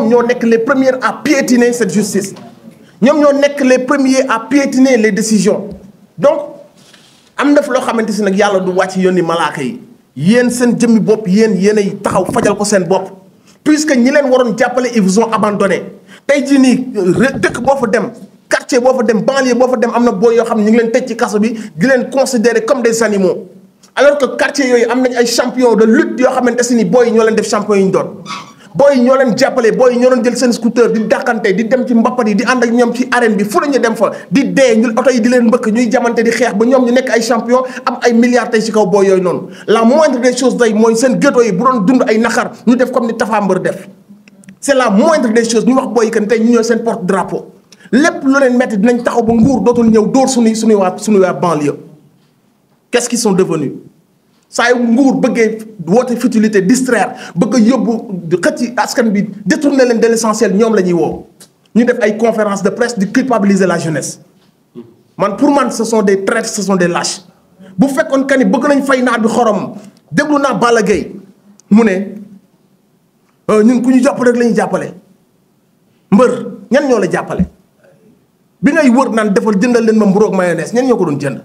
ñoom ñoo nekk les premiers à piétiner cette justice ñoom ñoo nekk les premiers à piétiner les décisions donc am na fi loo xamante si nag yàlla du wàcc yónni malaaka yi yéen seen jëmmi bopp yéen ay taxaw fajal ko seen bopp puisque ñi leen waroon jàppale ils vous ont tey jii nii dëkk boo fa dem quartier boo fa dem banlieue boo fa dem am na boo yoo xam ne ñu leen tëj ci kaso bi di leen considérer comme des animaux alors que quartier yooyu am nañ ay champion de lutte yoo xamante si ni booy ñoo leen def champion ñu doon booy ñoo leen jàppale booy ñoo leen jël seen scooter di dàqante di dem ci mbappat yi di ànd ak ñoom ci arène bi fu la ñu dem fa di dee ñu oto yi di leen mbëkk ñuy jamante di xeex ba ñoom ñu nekk ay champion am ay milliards tey ci kaw booy yooyu noonu la moindre des choses day mooy seen ghetto yi bu doon dund ay naxar ñu def comme ni Tapha Mbeur def c'est la moindre des choses ñu wax booy kan tey ñu ñëw seen porte drapeau lépp lu leen metti dinañ taxaw ba nguur dootul ñëw dóor suñuy suñuy waa suñuy waa banlieue qu'est-ce qu'ils sont devenus saa yu nguur bëggee woote futilité distraire bëgg a yóbbu xëcc askan bi na leen de l'essentiel ñoom la ñuy woo ñu def ay conférence de presse di culpabiliser la jeunesse man pour man ce sont des traîtres ce sont des lâches bu fekkoon que ni bëgg nañ fay naa bi xorom déglu naa Balla Gaye mu ne euh, ñun ku ñu jàpp rek la jàppale mbër ñan ñoo la jàppale bi ngay wër naan defal jëndal leen ma mburoog mayonnaise ñan ñoo ko doon jënd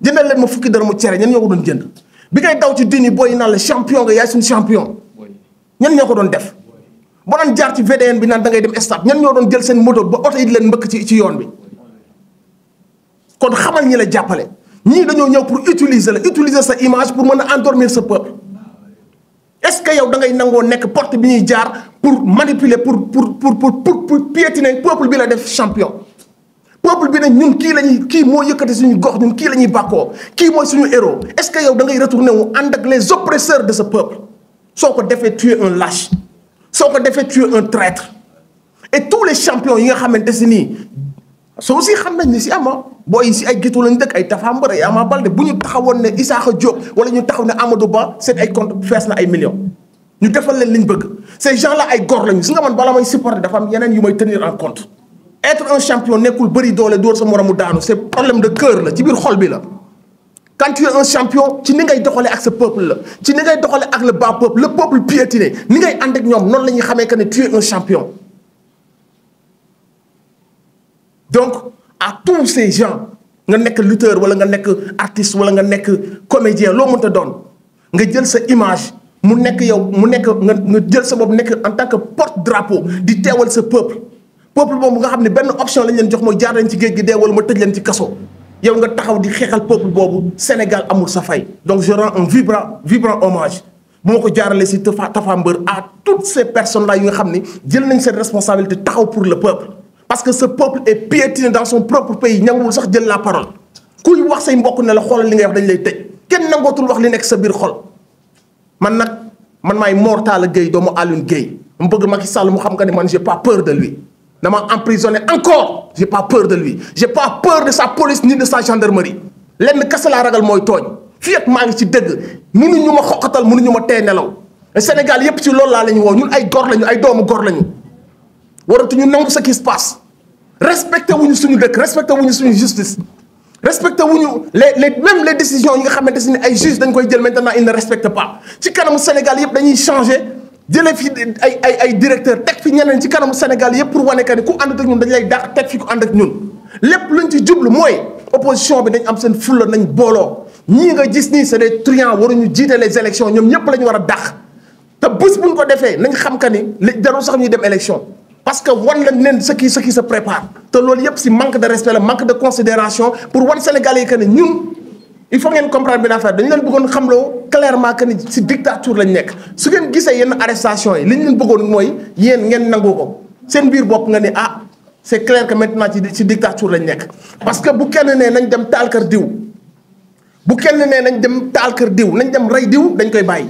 jëndal leen ma fukki dara mu cere ñan ñoo ko doon jënd bi ngay daw ci dini booy naan la champion nga yaay suñu champion ñan ñoo ko doon def ba doon jaar ci VDN bi naan dangay dem stade ñan ñoo doon jël seen moto ba oto yi di leen mbëkk ci ci yoon bi kon xamal ñi la jàppale ñii dañoo ñëw pour utiliser la utiliser sa image pour mën a endormir sa peuple est-ce que yow da ngay nangoo nekk porte bi ñuy jaar pour manipuler pour pour pour pour piétiner peuple bi la def champion peuple bi ne ñun kii lañuy kii moo yëkkati suñu gox ñun kii la ñuy bàkkoo kii mooy suñu héros est-ce que yow da ngay retourner wu ànd ak les oppresseurs de ce peuple soo ko defee tu un lâche soo ko defee tu un traître et tous les champions yi nga xamante si nii soo xam nañ ne si ama booy si ay gétu lañ dëkk ay Tapha Mbeur ay Ama Baldé bu ñu taxawoon ne Isaaxa Diop wala ñu taxaw ne Amadou Ba seen ay compte fees na ay million ñu defal leen liñ bëgg ces gens là ay góor lañu si nga être un champion nekkul bari doole doo sa moroomu daanu c'est problème de cœur la ci biir xol bi la. quanti tu un champion ci ni ngay doxalee ak sa peuple la ci ni ngay doxalee ak le bas peuple le peuple piétiné ni ngay ànd ak ñoom noonu la ñuy xamee que ne tu es un champion. donc à tous ces gens nga nekk lutteur wala nga nekk artiste wala nga nekk comédien loo mënta doon nga jël sa image. mu nekk yow mu nekk nga nga jël sa bopp nekk en tant que porte drapeau di teewal sa peuple peuple boobu nga xam ne benn option lañ leen jox mooy jaar leen ci géej gi dee wala ma tëj leen ci kaso yow nga taxaw di xeexal peuple boobu Sénégal amul sa fay donc je rends un vibrant vibrant hommage bu ma ko jaarale si Tafa Tafa Mbeur à toutes ces personnes là yi nga xam ni jël nañ seen responsabilité taxaw pour le peuple parce que ce peuple est piétiné dans son propre pays ñangul sax jël la parole kuy wax say mbokk ne la xoolal li nga wax dañ lay tëj kenn nangootul wax li nekk sa biir xol man nag man maay Mor Talla Gueye doomu Alioune Gueye mu bëgg Macky Sall mu xam nga man j'ai pas peur de lui dama emprisonné encore j'ai pas peur de lui j'ai pas peur de sa police ni de sa gendarmerie lenn kese laa ragal mooy tooñ fii maa ngi ci dëgg ñu ma xoqatal ñu ma tee nelaw Sénégal yépp ci loolu laa la ñu woo ñun ay gor lañu ay doomu gor lañu waratuñu nangu ce qui se passe respecté wuñu suñu dëkk respecté wuñu suñu justice respecté wuñu les les même les décision yi nga xamante ne ay juge dañ koy jël maintenant ils ne respectent pas ci kanamu Sénégal yépp dañuy changer jëlee fi ay ay ay directeur teg fi ñeneen ci kanamu Sénégal yëpp pour wane que ni ku ànd ak ñun dañ lay dàq teg fi ku ànd ak ñun lépp luñ ci jublu mooy opposition bi dañ am seen fulla nañ booloo ñii nga gis nii c'est des truands waruñu jiite les élections ñoom ñëpp lañu war a dàq te bés buñ ko defee nañ xam que ni li jarul sax ñuy dem élection parce que wan lañ leen ce qui ce qui prépare te loolu yëpp si manque de respect la manque de considération pour wan Sénégalais yi que il faut ngeen comprendre benn affaire dañu leen bëggoon xamloo clairement que ni si dictature lañ nekk su ngeen gisee yenn arrestation yi li ñu leen bëggoon mooy yéen ngeen nangu ko seen biir bopp nga ni ah c'est clair que maintenant ci ci dictature lañ nekk. parce que bu kenn nee nañ dem taal kër diw bu kenn nee nañ dem taal kër diw nañ dem rey diw dañ koy bàyyi.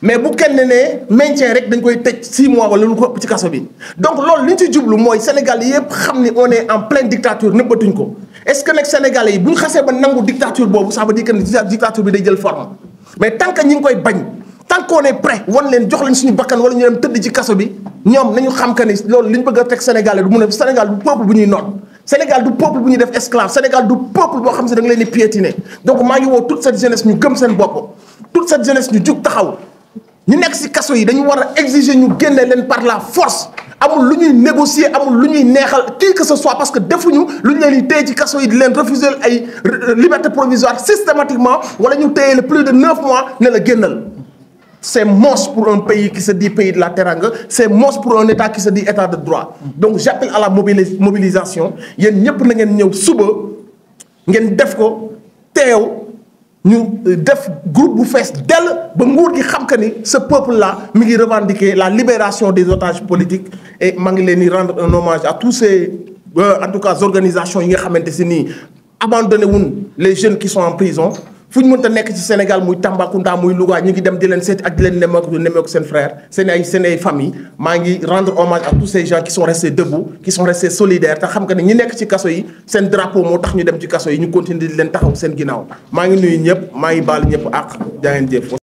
mais bu kenn ne maintien rek dañ koy tëj 6 mois wala lu ko ëpp ci kaso bi donc loolu li ñu ci jublu mooy Sénégal yëpp xam ni on est en pleine dictature nëbbatuñ ko est-ce que nag Sénégalais yi bu ñu xasee ba nangu dictature boobu ça veut dire que dictature bi day jël forme mais tant que ñi ngi koy bañ tant qu'on est prêt wan leen jox leen suñu bakkan wala ñu dem tëdd ci kaso bi ñoom nañu xam que ni loolu li ñu bëgg a teg Sénégalais du mun a Sénégal du peuple bu ñuy noot Sénégal du peuple bu ñuy def esclave Sénégal du peuple boo xam ne da nga leen di piétiner donc maa ngi woo toute cette jeunesse ñu gëm seen bopp toute cette jeunesse ñu jug taxaw ñu nekk ci kaso yi dañu war a exiger ñu génne leen par la force amul lu ñuy négocier amul lu ñuy neexal qui que ce soit parce que defuñu lu ñu leen di téye ci kaso yi di leen refuser ay euh, liberté provisoire systématiquement wala ñu téye le plus de neuf mois ne la génnal. c'est moche pour un pays qui se dit pays de la Teranga c'est moche pour un état qui se dit état de droit donc j'appelle à la mobilisation yéen ñëpp na ngeen ñëw suba ngeen def ko teew. ñu def groupe bu fees dell ba nguur gi xam que ni ce peuple la mi ngi revendiquer la libération des otages politiques et maa ngi leen di rendre un hommage à tous ces euh, en tout cas organisations yi nga xamante si nii abandonné wuñ les jeunes qui son en prison fu ñu mënta nekk ci Sénégal muy Tambacounda muy Louga ñu ngi dem di leen seeti ak di leen nemmeeku nemmeeku seen frère seen ay seen ay famille maa ngi rendre hommage à tous ces gens qui sont restés debout qui sont restés te xam nga ne ñu nekk ci kaso yi seen drapeau moo tax ñu dem ci kaso yi ñu continuer di leen taxaw seen ginnaaw maa ngi nuyu ñëpp maa ngi baal ñëpp àq jaa ngeen